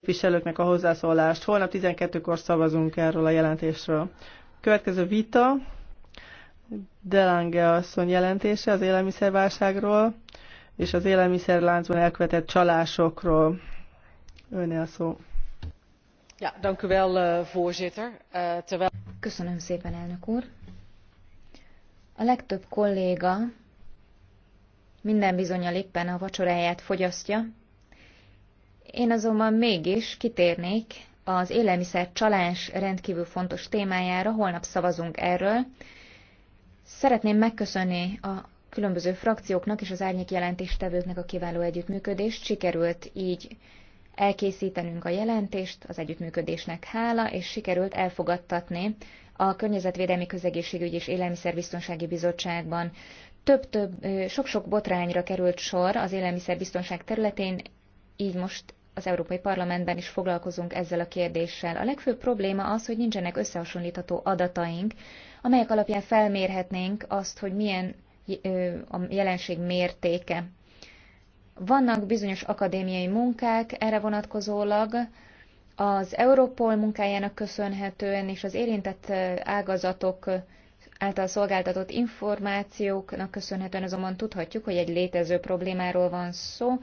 képviselőknek a hozzászólást. Holnap 12-kor szavazunk erről a jelentésről. Következő vita, Delange asszony jelentése az élelmiszerválságról és az élelmiszerláncban elkövetett csalásokról. a szó. Ja, dank u wel, eh, voorzitter. Eh, terwijl... Köszönöm szépen, elnök úr. A legtöbb kolléga minden bizonyal éppen a vacsoráját fogyasztja, én azonban mégis kitérnék az élelmiszer csalás rendkívül fontos témájára, holnap szavazunk erről. Szeretném megköszönni a különböző frakcióknak és az árnyék jelentéstevőknek a kiváló együttműködést. Sikerült így elkészítenünk a jelentést, az együttműködésnek hála, és sikerült elfogadtatni a Környezetvédelmi Közegészségügyi és Élelmiszerbiztonsági Bizottságban. Több-több, sok-sok botrányra került sor az élelmiszerbiztonság területén, így most az Európai Parlamentben is foglalkozunk ezzel a kérdéssel. A legfőbb probléma az, hogy nincsenek összehasonlítható adataink, amelyek alapján felmérhetnénk azt, hogy milyen a jelenség mértéke. Vannak bizonyos akadémiai munkák erre vonatkozólag, az Europol munkájának köszönhetően és az érintett ágazatok által szolgáltatott információknak köszönhetően azonban tudhatjuk, hogy egy létező problémáról van szó,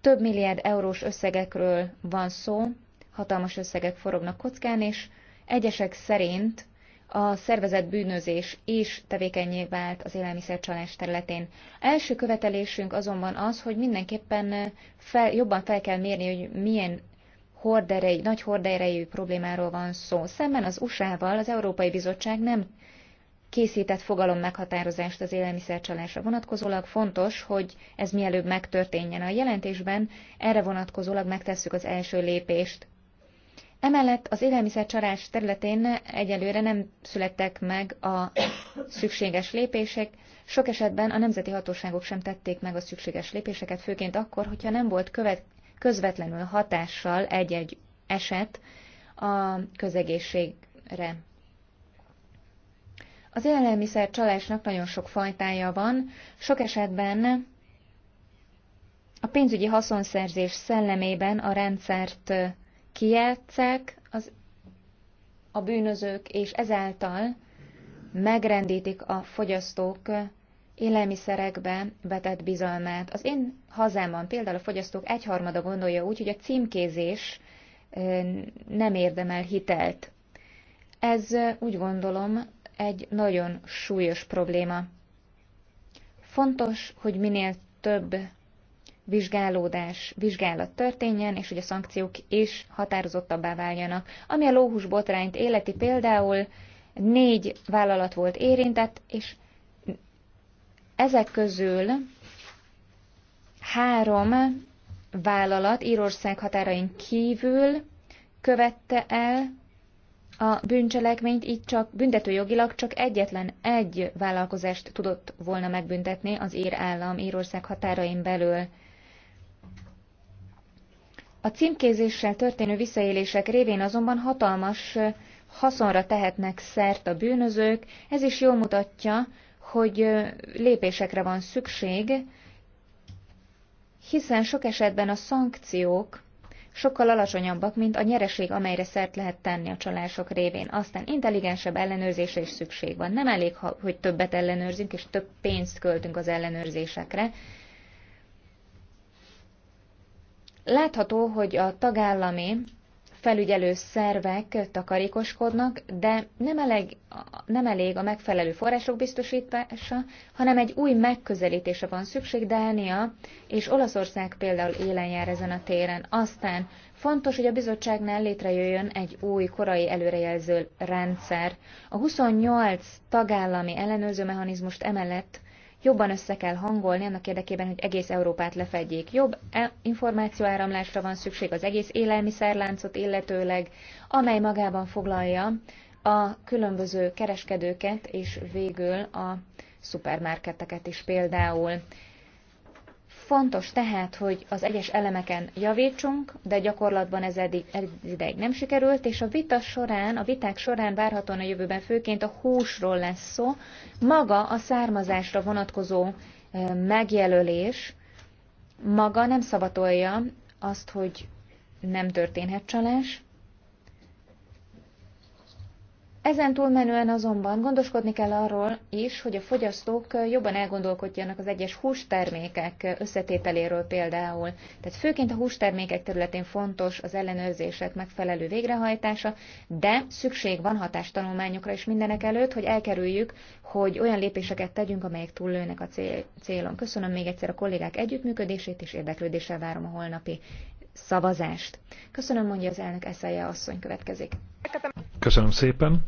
több milliárd eurós összegekről van szó, hatalmas összegek forognak kockán, és egyesek szerint a szervezett bűnözés is tevékenyé vált az élelmiszercsalás területén. Első követelésünk azonban az, hogy mindenképpen fel, jobban fel kell mérni, hogy milyen horderei, nagy horderejű problémáról van szó. Szemben az USA-val az Európai Bizottság nem készített fogalom meghatározást az élelmiszercsalásra vonatkozólag. Fontos, hogy ez mielőbb megtörténjen a jelentésben, erre vonatkozólag megtesszük az első lépést. Emellett az élelmiszercsalás területén egyelőre nem születtek meg a szükséges lépések, sok esetben a nemzeti hatóságok sem tették meg a szükséges lépéseket, főként akkor, hogyha nem volt követ, közvetlenül hatással egy-egy eset a közegészségre. Az élelmiszer csalásnak nagyon sok fajtája van, sok esetben a pénzügyi haszonszerzés szellemében a rendszert kijátszák az, a bűnözők, és ezáltal megrendítik a fogyasztók élelmiszerekbe vetett bizalmát. Az én hazámban például a fogyasztók egyharmada gondolja úgy, hogy a címkézés nem érdemel hitelt. Ez úgy gondolom egy nagyon súlyos probléma. Fontos, hogy minél több vizsgálódás, vizsgálat történjen, és hogy a szankciók is határozottabbá váljanak. Ami a lóhús botrányt életi például, négy vállalat volt érintett, és ezek közül három vállalat Írország határain kívül követte el a bűncselekményt így csak büntetőjogilag csak egyetlen egy vállalkozást tudott volna megbüntetni az ír állam Írország határain belül. A címkézéssel történő visszaélések révén azonban hatalmas haszonra tehetnek szert a bűnözők, ez is jól mutatja, hogy lépésekre van szükség, hiszen sok esetben a szankciók sokkal alacsonyabbak, mint a nyereség, amelyre szert lehet tenni a csalások révén. Aztán intelligensebb ellenőrzésre is szükség van. Nem elég, ha, hogy többet ellenőrzünk, és több pénzt költünk az ellenőrzésekre. Látható, hogy a tagállami felügyelő szervek takarékoskodnak, de nem, elég, nem elég a megfelelő források biztosítása, hanem egy új megközelítése van szükség. Dánia és Olaszország például élen jár ezen a téren. Aztán fontos, hogy a bizottságnál létrejöjjön egy új korai előrejelző rendszer. A 28 tagállami ellenőrző mechanizmust emellett jobban össze kell hangolni annak érdekében, hogy egész Európát lefedjék. Jobb e- információáramlásra van szükség az egész élelmiszerláncot illetőleg, amely magában foglalja a különböző kereskedőket és végül a szupermarketeket is például. Fontos tehát, hogy az egyes elemeken javítsunk, de gyakorlatban ez eddig, eddig nem sikerült, és a vita során, a viták során várhatóan a jövőben főként a húsról lesz szó. Maga a származásra vonatkozó megjelölés maga nem szavatolja azt, hogy nem történhet csalás, ezen túlmenően azonban gondoskodni kell arról is, hogy a fogyasztók jobban elgondolkodjanak az egyes hústermékek összetételéről például. Tehát főként a hústermékek területén fontos az ellenőrzések megfelelő végrehajtása, de szükség van hatástanulmányokra is mindenek előtt, hogy elkerüljük, hogy olyan lépéseket tegyünk, amelyek túllőnek a célon. Köszönöm még egyszer a kollégák együttműködését, és érdeklődéssel várom a holnapi szavazást. Köszönöm, mondja az elnök Eszelje asszony következik. Köszönöm szépen.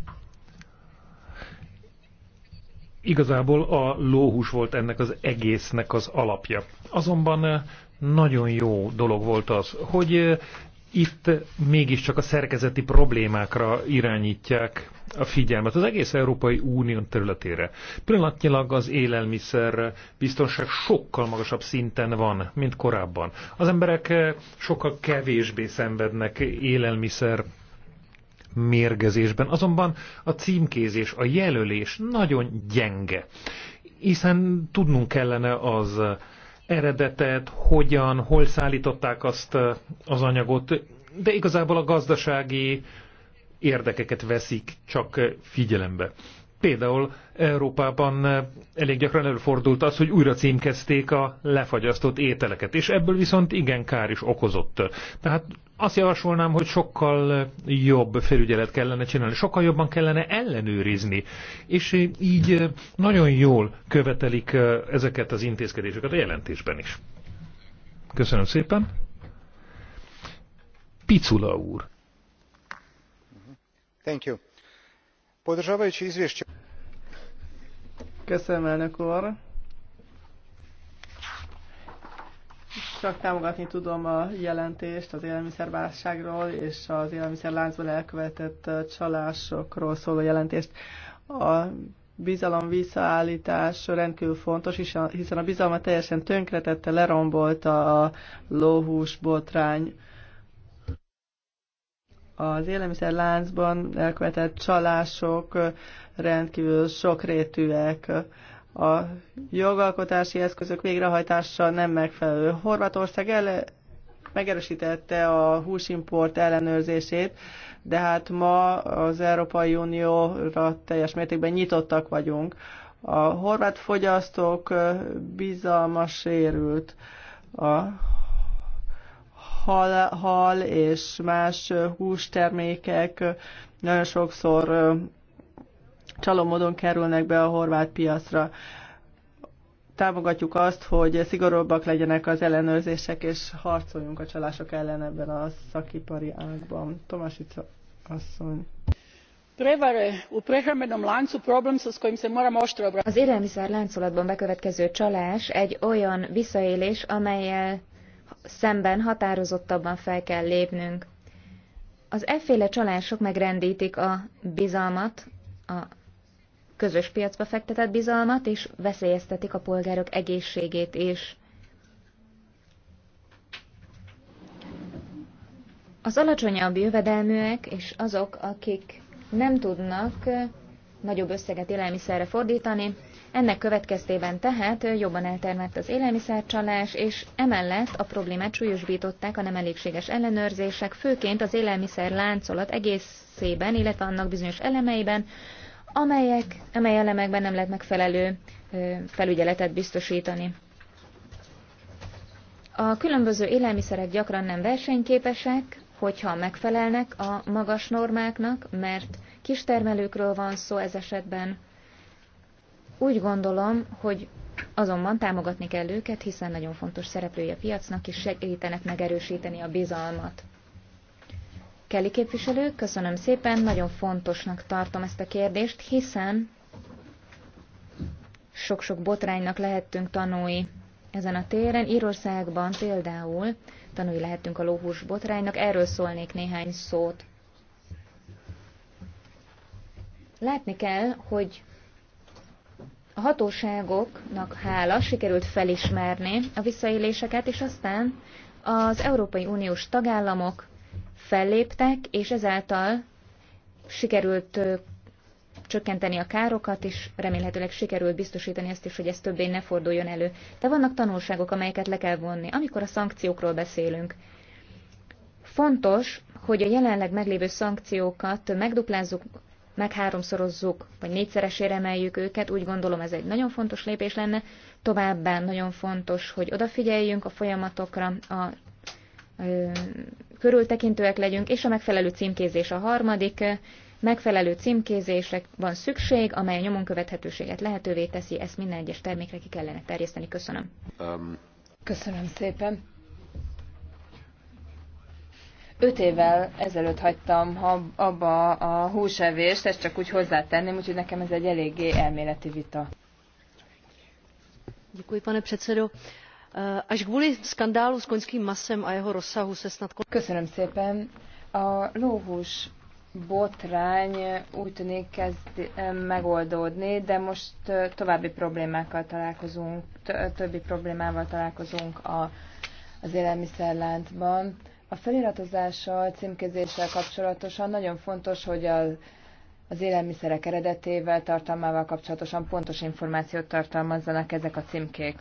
Igazából a lóhús volt ennek az egésznek az alapja. Azonban eh, nagyon jó dolog volt az, hogy eh, itt mégiscsak a szerkezeti problémákra irányítják a figyelmet az egész Európai Unión területére. Pillanatnyilag az élelmiszer biztonság sokkal magasabb szinten van, mint korábban. Az emberek eh, sokkal kevésbé szenvednek élelmiszer mérgezésben. Azonban a címkézés, a jelölés nagyon gyenge, hiszen tudnunk kellene az eredetet, hogyan, hol szállították azt az anyagot, de igazából a gazdasági érdekeket veszik csak figyelembe. Például Európában elég gyakran előfordult az, hogy újra címkezték a lefagyasztott ételeket, és ebből viszont igen kár is okozott. Tehát azt javasolnám, hogy sokkal jobb felügyelet kellene csinálni, sokkal jobban kellene ellenőrizni, és így nagyon jól követelik ezeket az intézkedéseket a jelentésben is. Köszönöm szépen. Picula úr. Thank you. Köszönöm, elnök úr. csak támogatni tudom a jelentést az élelmiszerválságról és az élelmiszerláncban elkövetett csalásokról szóló jelentést. A bizalom visszaállítás rendkívül fontos, hiszen a bizalma teljesen tönkretette, lerombolta a lóhús botrány. Az élelmiszerláncban elkövetett csalások rendkívül sokrétűek a jogalkotási eszközök végrehajtása nem megfelelő. Horvátország ele megerősítette a húsimport ellenőrzését, de hát ma az Európai Unióra teljes mértékben nyitottak vagyunk. A horvát fogyasztók bizalmas sérült. A hal, hal és más hústermékek nagyon sokszor csalomodon kerülnek be a horvát piacra. Támogatjuk azt, hogy szigorúbbak legyenek az ellenőrzések, és harcoljunk a csalások ellen ebben a szakipari ágban. Tomasica asszony Az élelmiszer láncolatban bekövetkező csalás egy olyan visszaélés amelyel szemben határozottabban fel kell lépnünk. Az efféle csalások megrendítik a bizalmat a közös piacba fektetett bizalmat, és veszélyeztetik a polgárok egészségét is. Az alacsonyabb jövedelműek és azok, akik nem tudnak nagyobb összeget élelmiszerre fordítani, ennek következtében tehát jobban eltermett az élelmiszercsalás, és emellett a problémát súlyosbították a nem elégséges ellenőrzések, főként az élelmiszer láncolat egészében, illetve annak bizonyos elemeiben, amelyek, amely elemekben nem lehet megfelelő felügyeletet biztosítani. A különböző élelmiszerek gyakran nem versenyképesek, hogyha megfelelnek a magas normáknak, mert kistermelőkről van szó ez esetben. Úgy gondolom, hogy azonban támogatni kell őket, hiszen nagyon fontos szereplői a piacnak, és segítenek megerősíteni a bizalmat. Kelly képviselő, köszönöm szépen, nagyon fontosnak tartom ezt a kérdést, hiszen sok-sok botránynak lehettünk tanúi ezen a téren. Írországban például tanúi lehettünk a lóhús botránynak, erről szólnék néhány szót. Látni kell, hogy a hatóságoknak hála sikerült felismerni a visszaéléseket, és aztán az Európai Uniós tagállamok felléptek, és ezáltal sikerült csökkenteni a károkat, és remélhetőleg sikerült biztosítani ezt is, hogy ez többé ne forduljon elő. De vannak tanulságok, amelyeket le kell vonni, amikor a szankciókról beszélünk. Fontos, hogy a jelenleg meglévő szankciókat megduplázzuk, megháromszorozzuk, vagy négyszeresére emeljük őket, úgy gondolom ez egy nagyon fontos lépés lenne. Továbbá nagyon fontos, hogy odafigyeljünk a folyamatokra, a körültekintőek legyünk, és a megfelelő címkézés a harmadik. Megfelelő címkézésre van szükség, amely a nyomon követhetőséget lehetővé teszi, ezt minden egyes termékre ki kellene terjeszteni. Köszönöm. Um. Köszönöm szépen. Öt évvel ezelőtt hagytam abba a húsevést, ezt csak úgy hozzátenném, úgyhogy nekem ez egy eléggé elméleti vita. Děkuji, pane předsedo. Až kvůli skandálu s koňským masem a jeho rozsahu se snad... Köszönöm szépen. A lóhús botrány úgy tűnik kezd megoldódni, de most további problémákkal találkozunk, többi problémával találkozunk a, az élelmiszerláncban. A feliratozással, címkézéssel kapcsolatosan nagyon fontos, hogy a, az élelmiszerek eredetével, tartalmával kapcsolatosan pontos információt tartalmazzanak ezek a címkék.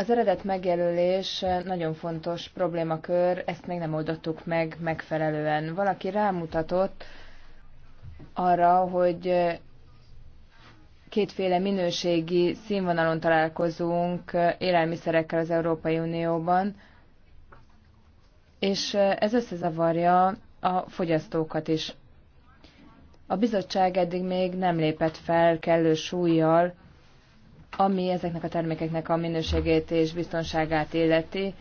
Az eredet megjelölés nagyon fontos problémakör, ezt még nem oldottuk meg megfelelően. Valaki rámutatott arra, hogy kétféle minőségi színvonalon találkozunk élelmiszerekkel az Európai Unióban, és ez összezavarja a fogyasztókat is. A bizottság eddig még nem lépett fel kellő súlyjal ami ezeknek a termékeknek a minőségét és biztonságát illeti,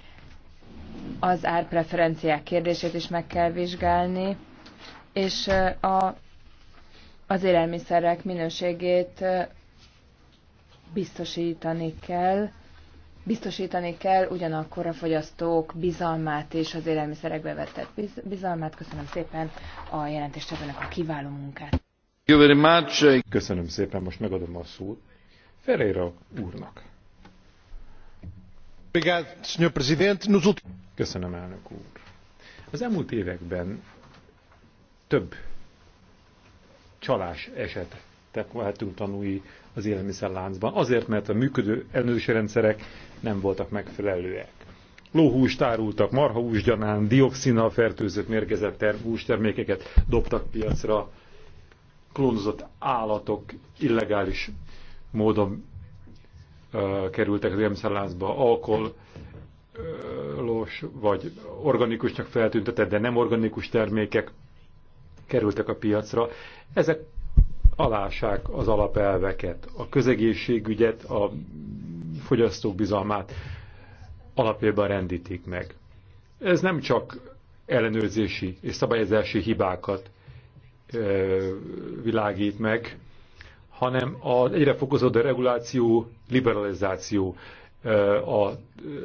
az árpreferenciák kérdését is meg kell vizsgálni, és a, az élelmiszerek minőségét biztosítani kell, biztosítani kell ugyanakkor a fogyasztók bizalmát és az élelmiszerekbe vetett bizalmát. Köszönöm szépen a jelentéstevőnek a kiváló munkát. Köszönöm szépen, most megadom a szót Ferreira úrnak. Köszönöm, elnök úr. Az elmúlt években több csalás eset lehetünk tanúi az élelmiszerláncban, azért, mert a működő ellenőrzési rendszerek nem voltak megfelelőek. Lóhúst árultak, marhahús gyanán, dioxinnal fertőzött mérgezett hústermékeket dobtak piacra, klónozott állatok illegális módon ö, kerültek az emszállázba, alkoholos vagy organikusnak feltüntetett, de nem organikus termékek kerültek a piacra. Ezek alássák az alapelveket, a közegészségügyet, a fogyasztók bizalmát alapjában rendítik meg. Ez nem csak ellenőrzési és szabályozási hibákat világít meg, hanem az egyre fokozódó reguláció, liberalizáció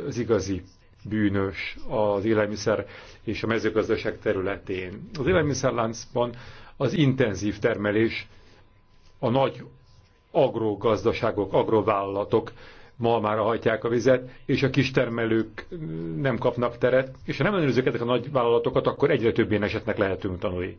az igazi bűnös az élelmiszer és a mezőgazdaság területén. Az élelmiszerláncban az intenzív termelés a nagy agrogazdaságok, agrovállalatok a hajtják a vizet, és a kistermelők nem kapnak teret, és ha nem ellenőrzik ezek a nagy vállalatokat, akkor egyre többén esetnek lehetünk tanulni.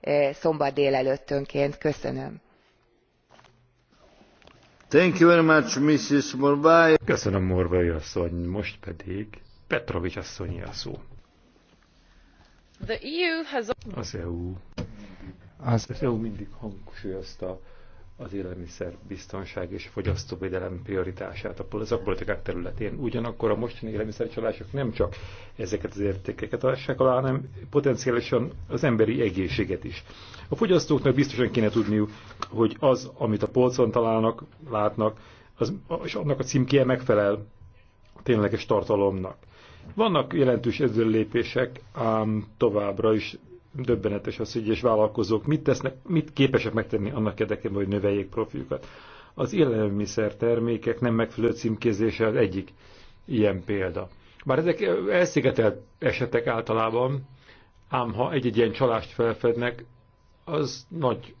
E, szombat délelőttönként. köszönöm. Thank you very much, Mrs. Morvai. Köszönöm, Morvai asszony. Most pedig Petrovics asszonyi a szó. The EU has... Az EU. Az, az e EU mindig hangsúlyozta az élelmiszer biztonság és fogyasztóvédelem prioritását a politikák területén. Ugyanakkor a mostani élelmiszercsalások nem csak ezeket az értékeket adják alá, hanem potenciálisan az emberi egészséget is. A fogyasztóknak biztosan kéne tudniuk, hogy az, amit a polcon találnak, látnak, az, és annak a címkéje megfelel a tényleges tartalomnak. Vannak jelentős ezzel lépések, ám továbbra is döbbenetes az, hogy egyes vállalkozók mit tesznek, mit képesek megtenni annak érdekében, hogy növeljék profiljukat. Az élelmiszer termékek nem megfelelő címkézése az egyik ilyen példa. Bár ezek elszigetelt esetek általában, ám ha egy-egy ilyen csalást felfednek, az nagy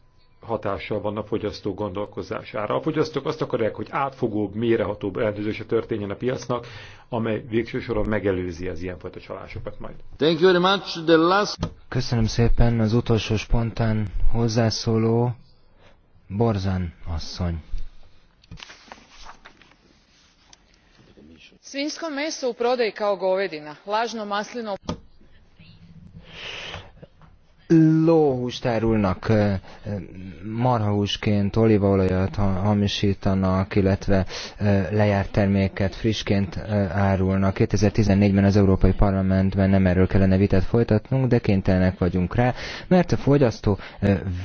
hatással van a fogyasztó gondolkozására. A fogyasztók azt akarják, hogy átfogóbb, mérehatóbb ellenőrzése történjen a piacnak, amely végső soron megelőzi az ilyenfajta csalásokat majd. Thank you very much. The last... Köszönöm szépen az utolsó spontán hozzászóló Borzan asszony. Svinsko meso u prodaji kao govedina, lažno maslino lóhúst árulnak, marhahúsként, olívaolajat hamisítanak, illetve lejárt terméket frissként árulnak. 2014-ben az Európai Parlamentben nem erről kellene vitát folytatnunk, de kénytelenek vagyunk rá, mert a fogyasztó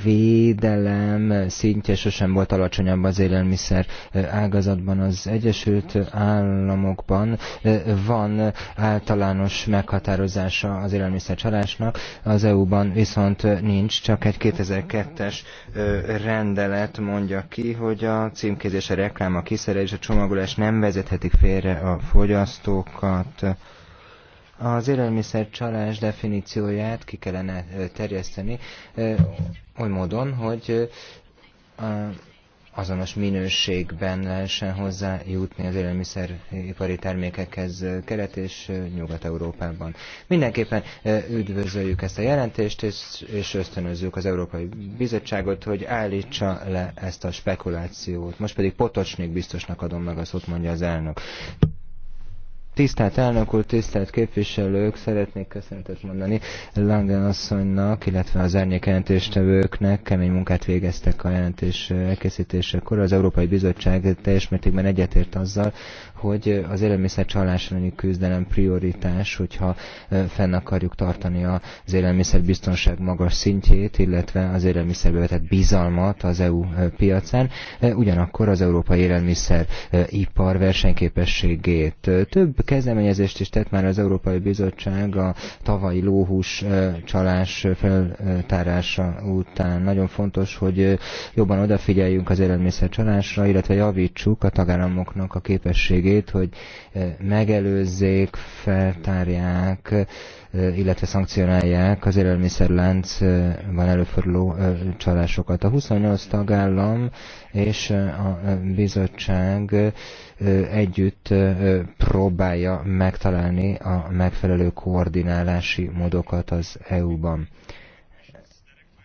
védelem szintje sosem volt alacsonyabb az élelmiszer ágazatban. Az Egyesült Államokban van általános meghatározása az élelmiszer csalásnak, az EU-ban viszont viszont nincs, csak egy 2002-es rendelet mondja ki, hogy a címkézés, a reklám, a kiszerelés, a csomagolás nem vezethetik félre a fogyasztókat. Az élelmiszer csalás definícióját ki kellene terjeszteni oly módon, hogy azonos minőségben lehessen hozzájutni az élelmiszeripari termékekhez Kelet- és Nyugat-Európában. Mindenképpen üdvözöljük ezt a jelentést, és ösztönözzük az Európai Bizottságot, hogy állítsa le ezt a spekulációt. Most pedig Potocsnik biztosnak adom meg a szót, mondja az elnök. Tisztelt elnök úr, tisztelt képviselők, szeretnék köszönetet mondani Langen asszonynak, illetve az árnyék jelentéstevőknek. Kemény munkát végeztek a jelentés elkészítésekor. Az Európai Bizottság teljes mértékben egyetért azzal, hogy az csalás elleni küzdelem prioritás, hogyha fenn akarjuk tartani az élelmiszerbiztonság magas szintjét, illetve az élelmiszerbe vetett bizalmat az EU piacán, ugyanakkor az európai élelmiszer ipar versenyképességét. Több kezdeményezést is tett már az Európai Bizottság a tavalyi lóhús csalás feltárása után. Nagyon fontos, hogy jobban odafigyeljünk az élelmiszer csalásra, illetve javítsuk a tagállamoknak a képességét lehetőségét, hogy eh, megelőzzék, feltárják, eh, illetve szankcionálják az élelmiszerláncban eh, előforduló csalásokat. A 28 tagállam és a bizottság együtt próbálja megtalálni a megfelelő koordinálási módokat az EU-ban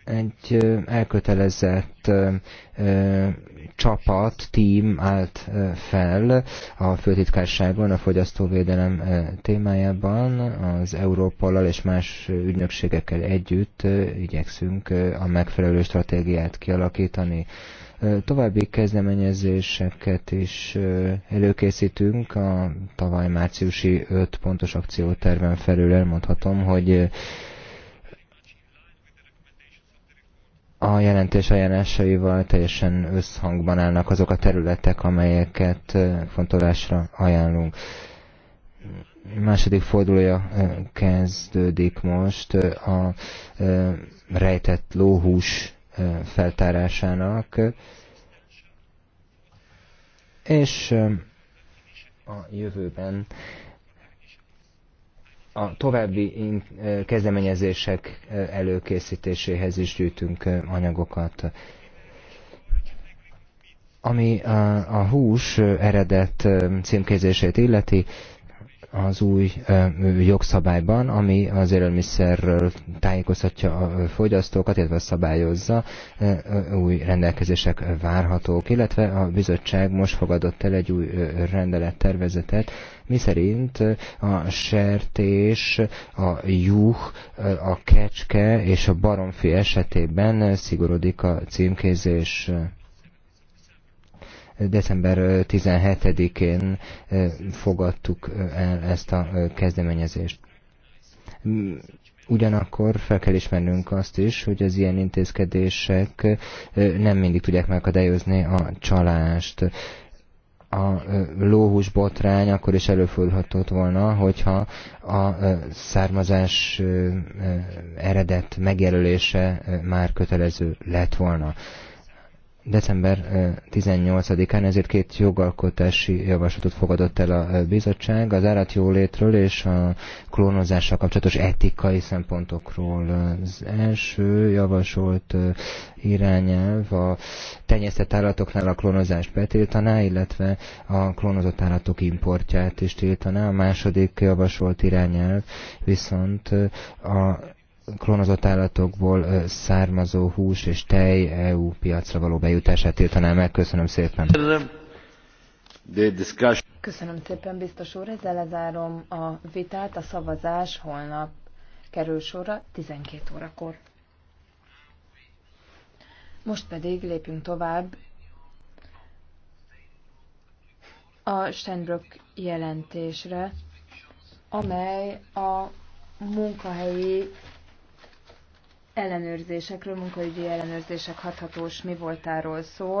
egy elkötelezett csapat, team állt fel a főtitkárságon a fogyasztóvédelem témájában. Az Európollal és más ügynökségekkel együtt igyekszünk a megfelelő stratégiát kialakítani. További kezdeményezéseket is előkészítünk. A tavaly márciusi 5 pontos akcióterven felül elmondhatom, hogy a jelentés ajánlásaival teljesen összhangban állnak azok a területek, amelyeket fontolásra ajánlunk. Második fordulója kezdődik most a rejtett lóhús feltárásának, és a jövőben a további eh, kezdeményezések eh, előkészítéséhez is gyűjtünk eh, anyagokat. Ami a, a hús eredet címkézését illeti, az új jogszabályban, ami az élelmiszerről tájékoztatja a fogyasztókat, illetve szabályozza, új rendelkezések várhatók, illetve a bizottság most fogadott el egy új rendelettervezetet, miszerint a sertés, a juh, a kecske és a baromfi esetében szigorodik a címkézés December 17-én fogadtuk el ezt a kezdeményezést. Ugyanakkor fel kell ismernünk azt is, hogy az ilyen intézkedések nem mindig tudják megakadályozni a csalást a lóhús botrány akkor is előfordulhatott volna, hogyha a származás eredet megjelölése már kötelező lett volna. December 18-án ezért két jogalkotási javaslatot fogadott el a bizottság az állatjólétről és a klónozással kapcsolatos etikai szempontokról. Az első javasolt irányelv a tenyésztett állatoknál a klónozást betiltaná, illetve a klónozott állatok importját is tiltaná. A második javasolt irányelv viszont a klónozott állatokból származó hús és tej EU piacra való bejutását tiltaná meg. Köszönöm szépen. Köszönöm szépen, biztos úr. Ezzel lezárom a vitát. A szavazás holnap kerül sorra 12 órakor. Most pedig lépjünk tovább a Stenbrook jelentésre, amely a munkahelyi ellenőrzésekről, munkaügyi ellenőrzések hathatós mi voltáról szól.